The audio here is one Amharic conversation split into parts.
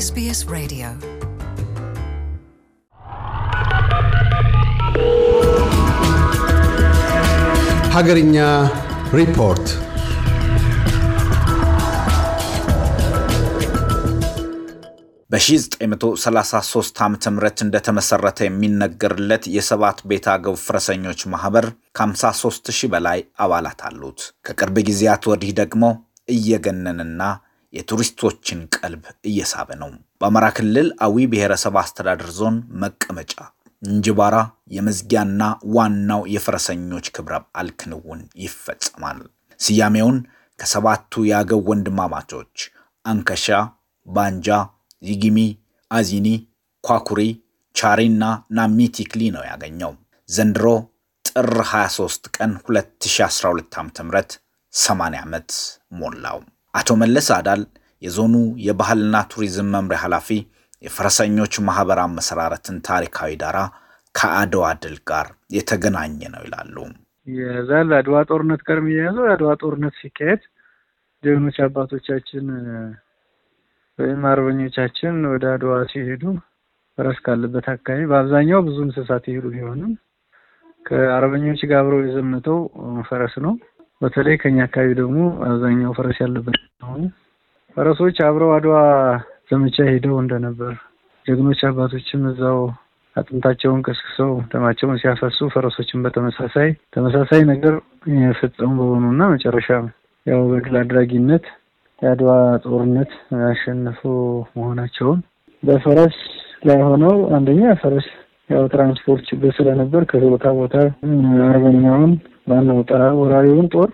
SBS Radio ሀገርኛ ሪፖርት በ1933 ዓ ም እንደተመሠረተ የሚነገርለት የሰባት ቤት አገቡ ፍረሰኞች ማኅበር ከ53 ሺህ በላይ አባላት አሉት። ከቅርብ ጊዜያት ወዲህ ደግሞ እየገነንና የቱሪስቶችን ቀልብ እየሳበ ነው። በአማራ ክልል አዊ ብሔረሰብ አስተዳደር ዞን መቀመጫ እንጅባራ የመዝጊያና ዋናው የፈረሰኞች ክብረ በዓል ክንውን ይፈጸማል። ስያሜውን ከሰባቱ የአገው ወንድማማቾች አንከሻ፣ ባንጃ፣ ዚጊሚ፣ አዚኒ፣ ኳኩሪ፣ ቻሪና ናሚቲክሊ ነው ያገኘው። ዘንድሮ ጥር 23 ቀን 2012 ዓ.ም 80 ዓመት ሞላው። አቶ መለስ አዳል የዞኑ የባህልና ቱሪዝም መምሪያ ኃላፊ የፈረሰኞች ማህበር አመሰራረትን ታሪካዊ ዳራ ከአድዋ ድል ጋር የተገናኘ ነው ይላሉ። የዛል አድዋ ጦርነት ጋር የሚያያዘው የአድዋ ጦርነት ሲካሄድ ጀግኖች አባቶቻችን ወይም አርበኞቻችን ወደ አድዋ ሲሄዱ ፈረስ ካለበት አካባቢ በአብዛኛው ብዙ እንስሳት ይሄዱ ቢሆንም ከአርበኞች ጋር አብረው የዘመተው ፈረስ ነው። በተለይ ከኛ አካባቢ ደግሞ አብዛኛው ፈረስ ያለበት ስለሆነ ፈረሶች አብረው አድዋ ዘመቻ ሄደው እንደነበር ጀግኖች አባቶችም እዛው አጥንታቸውን ከስክሰው ደማቸውን ሲያፈሱ ፈረሶችን በተመሳሳይ ተመሳሳይ ነገር የፈጸሙ በሆኑ መጨረሻ ያው በግል አድራጊነት የአድዋ ጦርነት ያሸነፉ መሆናቸውን በፈረስ ላይ ሆነው አንደኛ ፈረስ ያው ትራንስፖርት ችግር ስለነበር ከቦታ ቦታ አርበኛውን ማነው ጠራ ወራሪውን ጦር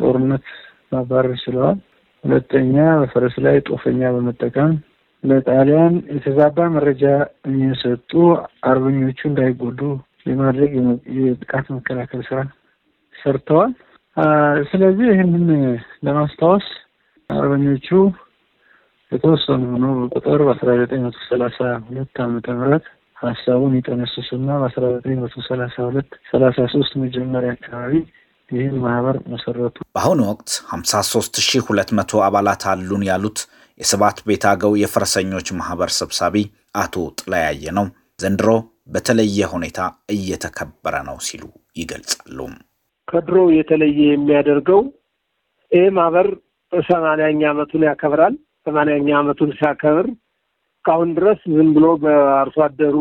ጦርነት ማባረር ችለዋል። ሁለተኛ በፈረስ ላይ ጦፈኛ በመጠቀም ለጣሊያን የተዛባ መረጃ እየሰጡ አርበኞቹ እንዳይጎዱ የማድረግ የጥቃት መከላከል ስራ ሰርተዋል። ስለዚህ ይህንን ለማስታወስ አርበኞቹ የተወሰኑ ሆኖ በቁጥር በአስራ ዘጠኝ መቶ ሰላሳ ሁለት አመተ ምህረት ሀሳቡን የጠነሰሱና በአስራ ዘጠኝ መቶ ሰላሳ ሁለት ሰላሳ ሶስት መጀመሪያ አካባቢ ይህን ማህበር መሰረቱ። በአሁኑ ወቅት መቶ አባላት አሉን ያሉት የሰባት ቤት አገው የፈረሰኞች ማህበር ሰብሳቢ አቶ ጥላያየ ነው። ዘንድሮ በተለየ ሁኔታ እየተከበረ ነው ሲሉ ይገልጻሉ። ከድሮ የተለየ የሚያደርገው ይህ ማህበር ሰማንያኛ ዓመቱን ያከብራል። ሰማንያኛ ዓመቱን ሲያከብር እስካሁን ድረስ ዝም ብሎ በአርሶ አደሩ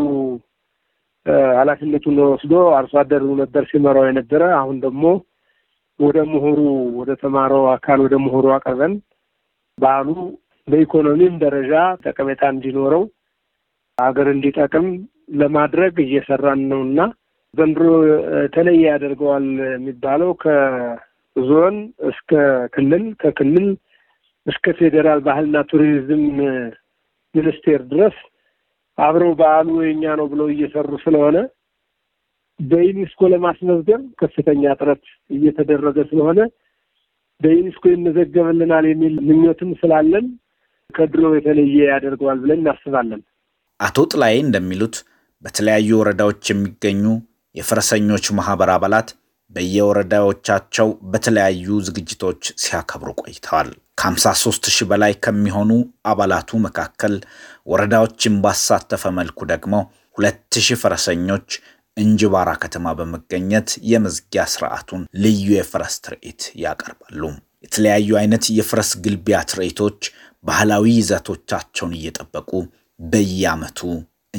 ኃላፊነቱን ወስዶ አርሶ አደሩ ነበር ሲመራው የነበረ። አሁን ደግሞ ወደ ምሁሩ ወደ ተማረው አካል ወደ ምሁሩ አቅርበን ባህሉ በኢኮኖሚም ደረጃ ጠቀሜታ እንዲኖረው ሀገር እንዲጠቅም ለማድረግ እየሰራን ነው እና ዘንድሮ የተለየ ያደርገዋል የሚባለው ከዞን እስከ ክልል ከክልል እስከ ፌዴራል ባህልና ቱሪዝም ሚኒስቴር ድረስ አብረው በዓሉ የኛ ነው ብለው እየሰሩ ስለሆነ በዩኒስኮ ለማስመዝገብ ከፍተኛ ጥረት እየተደረገ ስለሆነ በዩኒስኮ ይመዘገብልናል የሚል ምኞትም ስላለን ከድሮ የተለየ ያደርገዋል ብለን እናስባለን። አቶ ጥላዬ እንደሚሉት በተለያዩ ወረዳዎች የሚገኙ የፈረሰኞች ማህበር አባላት በየወረዳዎቻቸው በተለያዩ ዝግጅቶች ሲያከብሩ ቆይተዋል። ከ53 ሺህ በላይ ከሚሆኑ አባላቱ መካከል ወረዳዎችን ባሳተፈ መልኩ ደግሞ 2000 ፈረሰኞች እንጅባራ ከተማ በመገኘት የመዝጊያ ስርዓቱን ልዩ የፈረስ ትርኢት ያቀርባሉ። የተለያዩ አይነት የፈረስ ግልቢያ ትርኢቶች ባህላዊ ይዘቶቻቸውን እየጠበቁ በየዓመቱ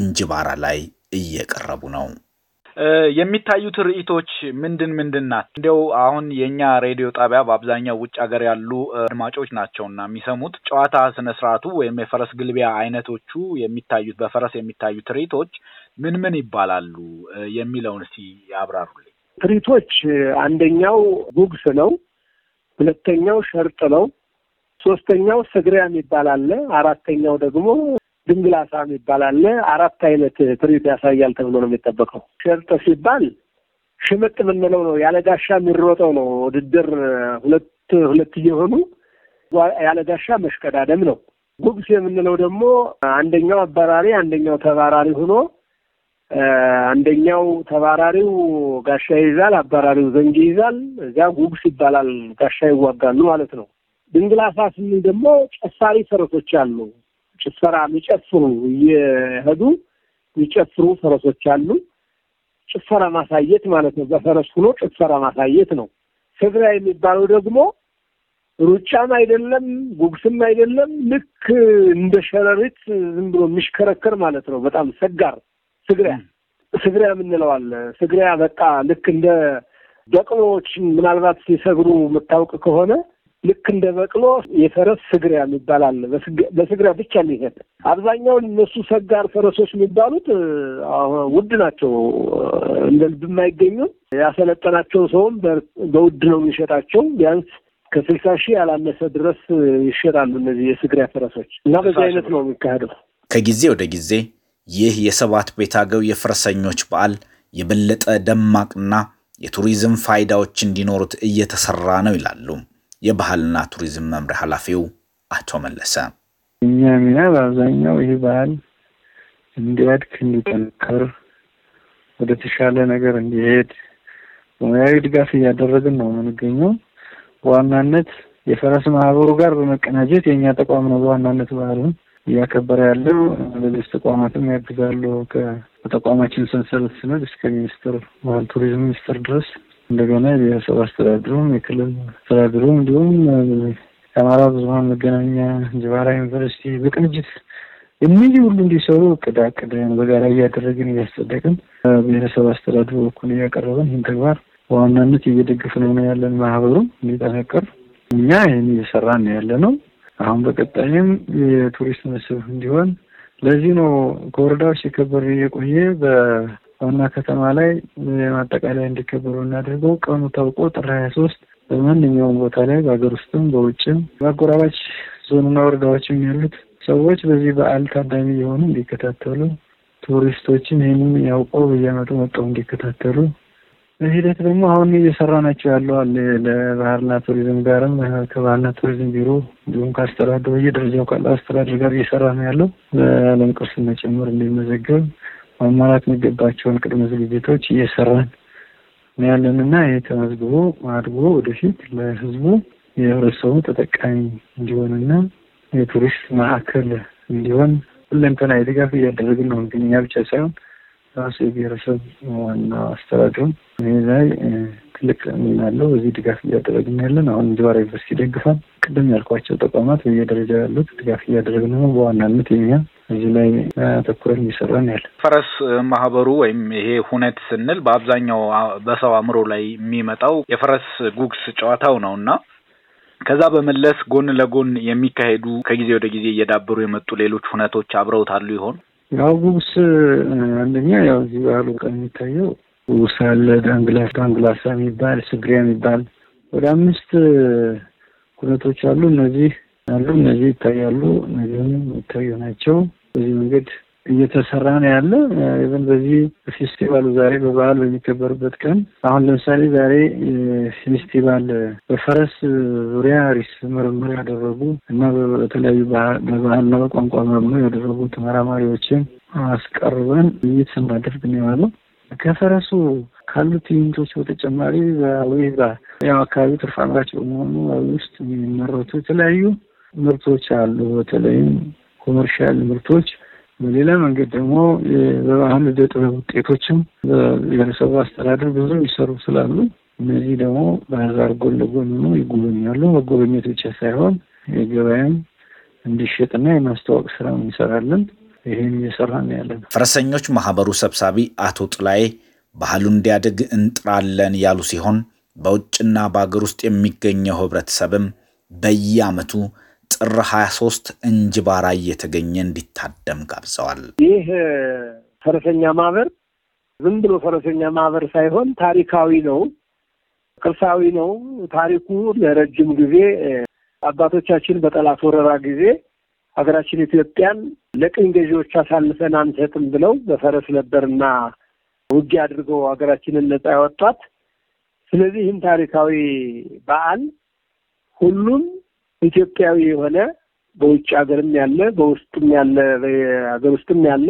እንጅባራ ላይ እየቀረቡ ነው። የሚታዩ ትርኢቶች ምንድን ምንድን ናት? እንዲው አሁን የእኛ ሬዲዮ ጣቢያ በአብዛኛው ውጭ ሀገር ያሉ አድማጮች ናቸውና የሚሰሙት ጨዋታ ስነ ወይም የፈረስ ግልቢያ አይነቶቹ የሚታዩት በፈረስ የሚታዩ ትርኢቶች ምን ምን ይባላሉ የሚለውን እስቲ ያብራሩልኝ። ትርኢቶች አንደኛው ጉግስ ነው፣ ሁለተኛው ሸርጥ ነው፣ ሶስተኛው ስግሪያም ይባላል፣ አራተኛው ደግሞ ድንግል አሳም የሚባል አራት አይነት ትርኢት ያሳያል ተብሎ ነው የሚጠበቀው። ሸርጠ ሲባል ሽምጥ የምንለው ነው። ያለ ጋሻ የሚሮጠው ነው። ውድድር ሁለት ሁለት እየሆኑ ያለ ጋሻ መሽቀዳደም ነው። ጉግስ የምንለው ደግሞ አንደኛው አባራሪ አንደኛው ተባራሪ ሆኖ አንደኛው ተባራሪው ጋሻ ይይዛል፣ አባራሪው ዘንግ ይይዛል። እዚያ ጉግስ ይባላል። ጋሻ ይዋጋሉ ማለት ነው። ድንግል አሳ ስንል ደግሞ ጨሳሪ ፈረሶች አሉ። ጭፈራ የሚጨፍሩ እየሄዱ የሚጨፍሩ ፈረሶች አሉ። ጭፈራ ማሳየት ማለት ነው። በፈረስ ሆኖ ጭፈራ ማሳየት ነው። ህብራ የሚባለው ደግሞ ሩጫም አይደለም፣ ጉግስም አይደለም። ልክ እንደ ሸረሪት ዝም ብሎ የሚሽከረከር ማለት ነው። በጣም ሰጋር ስግሪያ ስግሪያ የምንለዋል። ስግሪያ በቃ ልክ እንደ በቅሎዎች ምናልባት ሲሰግሩ የምታውቅ ከሆነ ልክ እንደ በቅሎ የፈረስ ስግሪያ የሚባል አለ። በስግሪያ ብቻ የሚሄድ አብዛኛው እነሱ ሰጋር ፈረሶች የሚባሉት ውድ ናቸው፣ እንደ ልብ የማይገኙም። ያሰለጠናቸው ሰውም በውድ ነው የሚሸጣቸው ቢያንስ ከስልሳ ሺህ ያላነሰ ድረስ ይሸጣሉ እነዚህ የስግሪያ ፈረሶች እና በዚህ አይነት ነው የሚካሄደው። ከጊዜ ወደ ጊዜ ይህ የሰባት ቤት አገው የፈረሰኞች በዓል የበለጠ ደማቅና የቱሪዝም ፋይዳዎች እንዲኖሩት እየተሰራ ነው ይላሉ። የባህልና ቱሪዝም መምሪያ ኃላፊው አቶ መለሰ እኛ ሚና በአብዛኛው ይህ ባህል እንዲያድግ፣ እንዲጠነከር፣ ወደ ተሻለ ነገር እንዲሄድ በሙያዊ ድጋፍ እያደረግን ነው የምንገኘው። በዋናነት የፈረስ ማህበሩ ጋር በመቀናጀት የእኛ ተቋም ነው በዋናነት ባህሉን እያከበረ ያለው። ሌሎች ተቋማትም ያግዛሉ። ከተቋማችን ሰንሰለት ስነድ እስከ ሚኒስትር ባህል ቱሪዝም ሚኒስቴር ድረስ እንደገና የብሔረሰብ አስተዳድሩም የክልል አስተዳድሩ እንዲሁም የአማራ ብዙሀን መገናኛ ጅባራ ዩኒቨርሲቲ በቅንጅት እነዚህ ሁሉ እንዲሰሩ እቅድ አቅደን በጋራ እያደረግን እያስጸደቅን ብሔረሰብ አስተዳድሩ በኩል እያቀረበን ይህን ተግባር በዋናነት እየደግፍ ነው ያለን። ማህበሩም እንዲጠነቀር እኛ ይህን እየሰራን ያለ ነው። አሁን በቀጣይም የቱሪስት መስህብ እንዲሆን ለዚህ ነው ከወረዳዎች የከበር የቆየ ዋና ከተማ ላይ ማጠቃለያ እንዲከበሩ እናደርገው ቀኑ ታውቆ ጥር ሀያ ሶስት በማንኛውም ቦታ ላይ በሀገር ውስጥም በውጭም በአጎራባች ዞንና ወረዳዎችም ያሉት ሰዎች በዚህ በዓል ታዳሚ የሆኑ እንዲከታተሉ፣ ቱሪስቶችም ይህንም ያውቀው በየዓመቱ መጠው እንዲከታተሉ በሂደት ደግሞ አሁን እየሰራ ናቸው ያለው አለ ለባህልና ቱሪዝም ጋርም ከባህልና ቱሪዝም ቢሮ እንዲሁም ከአስተዳደሩ በየደረጃው ካለ አስተዳደር ጋር እየሰራ ነው ያለው ለዓለም ቅርስ መጨመር እንዲመዘገብ ማሟላት የሚገባቸውን ቅድመ ዝግጅቶች እየሰራን ነው ያለን እና ይህ ተመዝግቦ አድጎ ወደፊት ለህዝቡ የህብረተሰቡ ተጠቃሚ እንዲሆንና የቱሪስት ማዕከል እንዲሆን ሁለንተናዊ የድጋፍ እያደረግን ነው። ግን እኛ ብቻ ሳይሆን ራሱ የብሔረሰብ ዋና አስተዳደሩ ይህ ላይ ትልቅ ምናለው እዚህ ድጋፍ እያደረግን ያለን አሁን እንጅባራ ዩኒቨርሲቲ ደግፋል። ቅድም ያልኳቸው ተቋማት በየደረጃ ያሉት ድጋፍ እያደረግን ነው። በዋናነት የኛ እዚህ ላይ ትኩረት እየሰራን ያለ ፈረስ ማህበሩ ወይም ይሄ ሁነት ስንል በአብዛኛው በሰው አእምሮ ላይ የሚመጣው የፈረስ ጉግስ ጨዋታው ነው እና ከዛ በመለስ ጎን ለጎን የሚካሄዱ ከጊዜ ወደ ጊዜ እየዳበሩ የመጡ ሌሎች ሁነቶች አብረውታሉ ይሆን? ያው ጉግስ አንደኛ ያው እዚህ ባህሉ ቀን የሚታየው ጉግስ አለ፣ ዳንግላስ ዳንግላሳ የሚባል ስግሪያ የሚባል ወደ አምስት ሁነቶች አሉ። እነዚህ አሉ እነዚህ ይታያሉ፣ እነዚህም የሚታዩ ናቸው። በዚህ መንገድ እየተሰራ ነው ያለ። ኢቨን በዚህ ፌስቲቫሉ ዛሬ በበዓል በሚከበርበት ቀን አሁን ለምሳሌ ዛሬ ፌስቲቫል በፈረስ ዙሪያ ሪስ ምርምር ያደረጉ እና በተለያዩ በባህልና በቋንቋ ምርምር ያደረጉ ተመራማሪዎችን አስቀርበን ውይይት ስናደርግ ነው ያለው። ከፈረሱ ካሉት ትዕይንቶች በተጨማሪ በአዊባ ያው አካባቢ ትርፍ አምራች በመሆኑ ውስጥ የሚመረቱ የተለያዩ ምርቶች አሉ። በተለይም ኮመርሻል ምርቶች በሌላ መንገድ ደግሞ በባህል ዕደ ጥበብ ውጤቶችም በብሔረሰቡ አስተዳደር ብዙ ይሰሩ ስላሉ እነዚህ ደግሞ በህዛር ጎን ለጎን ሆኖ ይጎበኛሉ። መጎበኘት ብቻ ሳይሆን የገበያም እንዲሸጥና የማስተዋወቅ ስራ እንሰራለን። ይህን እየሰራ ነው ያለ ነው። ፈረሰኞች ማህበሩ ሰብሳቢ አቶ ጥላዬ ባህሉ እንዲያድግ እንጥራለን ያሉ ሲሆን በውጭና በአገር ውስጥ የሚገኘው ህብረተሰብም በየአመቱ ጥር 23 እንጅባራ እየተገኘ እንዲታደም ጋብዘዋል። ይህ ፈረሰኛ ማህበር ዝም ብሎ ፈረሰኛ ማህበር ሳይሆን ታሪካዊ ነው፣ ቅርሳዊ ነው። ታሪኩ ለረጅም ጊዜ አባቶቻችን በጠላት ወረራ ጊዜ ሀገራችን ኢትዮጵያን ለቅኝ ገዢዎች አሳልፈን አንሰጥም ብለው በፈረስ ነበርና ውጊያ አድርገው ሀገራችንን ነጻ ያወጧት። ስለዚህ ይህም ታሪካዊ በዓል ሁሉም ኢትዮጵያዊ የሆነ በውጭ ሀገርም ያለ በውስጥም ያለ ሀገር ውስጥም ያለ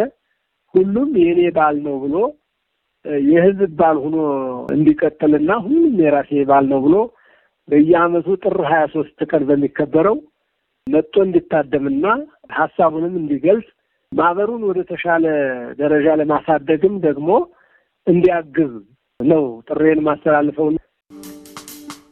ሁሉም የእኔ ባል ነው ብሎ የህዝብ ባል ሆኖ እንዲቀጥልና ሁሉም የራሴ ባል ነው ብሎ በየአመቱ ጥር ሀያ ሶስት ቀን በሚከበረው መጥቶ እንዲታደምና ሀሳቡንም እንዲገልጽ ማህበሩን ወደ ተሻለ ደረጃ ለማሳደግም ደግሞ እንዲያግዝ ነው ጥሬን ማስተላልፈው።